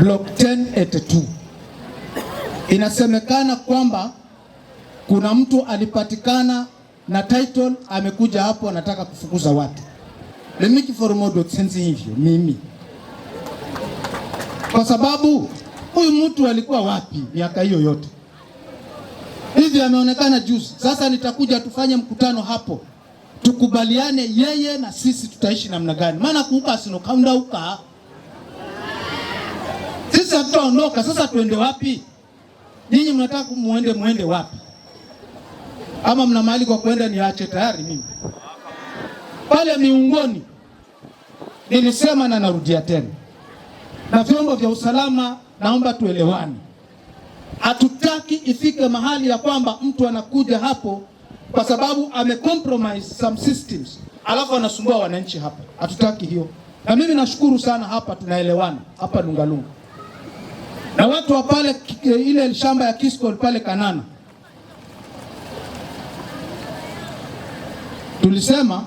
block 1082. Inasemekana kwamba kuna mtu alipatikana na title amekuja hapo anataka kufukuza watu. Sensi hivyo mimi, kwa sababu huyu mtu alikuwa wapi miaka hiyo yote? Hivi ameonekana juzi. Sasa nitakuja tufanye mkutano hapo tukubaliane, yeye na sisi tutaishi namna gani, maana kuuka sino kaunda uka sisi hatutaondoka. Sasa tuende wapi? ninyi mnataka muende, muende wapi? Ama mna mahali kwa kuenda? Niache tayari mimi pale miungoni nilisema na narudia tena, na vyombo vya usalama, naomba tuelewane. Hatutaki ifike mahali ya kwamba mtu anakuja hapo kwa sababu amecompromise some systems alafu anasumbua wananchi hapa. Hatutaki hiyo, na mimi nashukuru sana hapa tunaelewana hapa Lungalunga na watu wa pale eh, ile shamba ya Kiskol pale Kanana, tulisema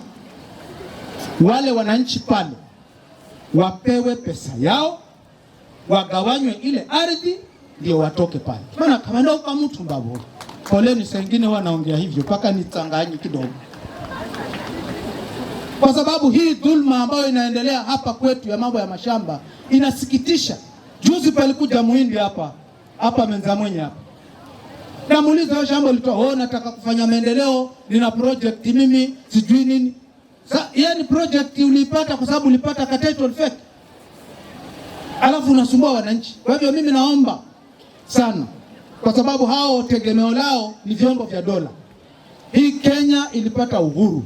wale wananchi pale wapewe pesa yao, wagawanywe ile ardhi ndio watoke pale, maana kwa mtu mbabo. Poleni, sengine wanaongea hivyo mpaka nitanganyi kidogo, kwa sababu hii dhulma ambayo inaendelea hapa kwetu ya mambo ya mashamba inasikitisha. Juzi palikuja muhindi hapa hapa mwenye hapa, namuuliza shamba litoa oh, nataka kufanya maendeleo, nina project mimi sijui nini. Sa, yeye ni project uliipata kwa sababu ulipata ka title alafu unasumbua wananchi. Kwa hivyo mimi naomba sana, kwa sababu hao tegemeo lao ni vyombo vya dola. Hii Kenya ilipata uhuru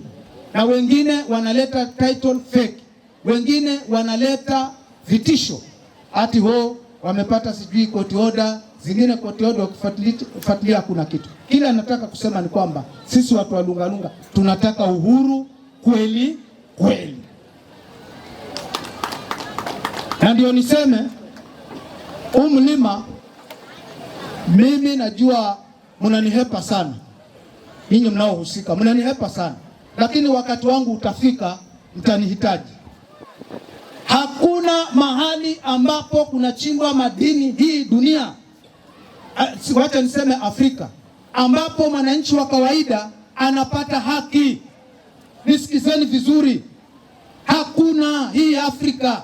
na wengine wanaleta title fake, wengine wanaleta vitisho ati ho wamepata sijui court order zingine court order kufuatilia, hakuna kitu. Kila nataka kusema ni kwamba sisi watu wa Lungalunga tunataka uhuru kweli kweli, na ndio niseme huu mlima, mimi najua mnanihepa sana ninyi mnaohusika, mnanihepa sana lakini wakati wangu utafika, mtanihitaji. Hakuna mahali ambapo kunachimbwa madini hii dunia, eh, wacha niseme Afrika, ambapo mwananchi wa kawaida anapata haki. Nisikizeni vizuri, hakuna. Hii Afrika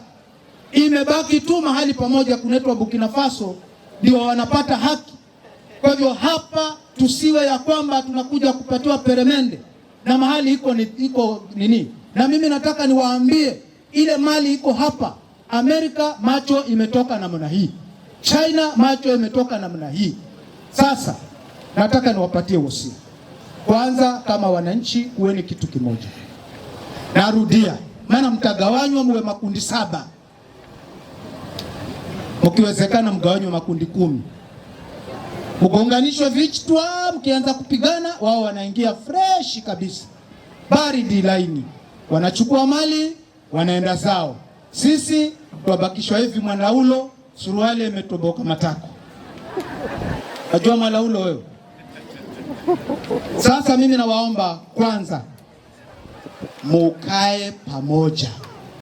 imebaki tu mahali pamoja kunaitwa Burkina Faso, ndio wanapata haki. Kwa hivyo hapa tusiwe ya kwamba tunakuja kupatiwa peremende na mahali iko, iko nini. Na mimi nataka niwaambie ile mali iko hapa. Amerika macho imetoka namna hii, China macho imetoka namna hii. Sasa nataka niwapatie wosia. Kwanza, kama wananchi, kuweni kitu kimoja. Narudia, maana mtagawanywa muwe makundi saba, mkiwezekana mgawanywe makundi kumi, mgonganishwe vichwa, mkianza kupigana wao wanaingia fresh kabisa, baridi laini, wanachukua mali wanaenda zao. Sisi twabakishwa hivi mwanaulo, suruali imetoboka matako. Najua mwanaulo wewe. Sasa mimi nawaomba kwanza, mukae pamoja.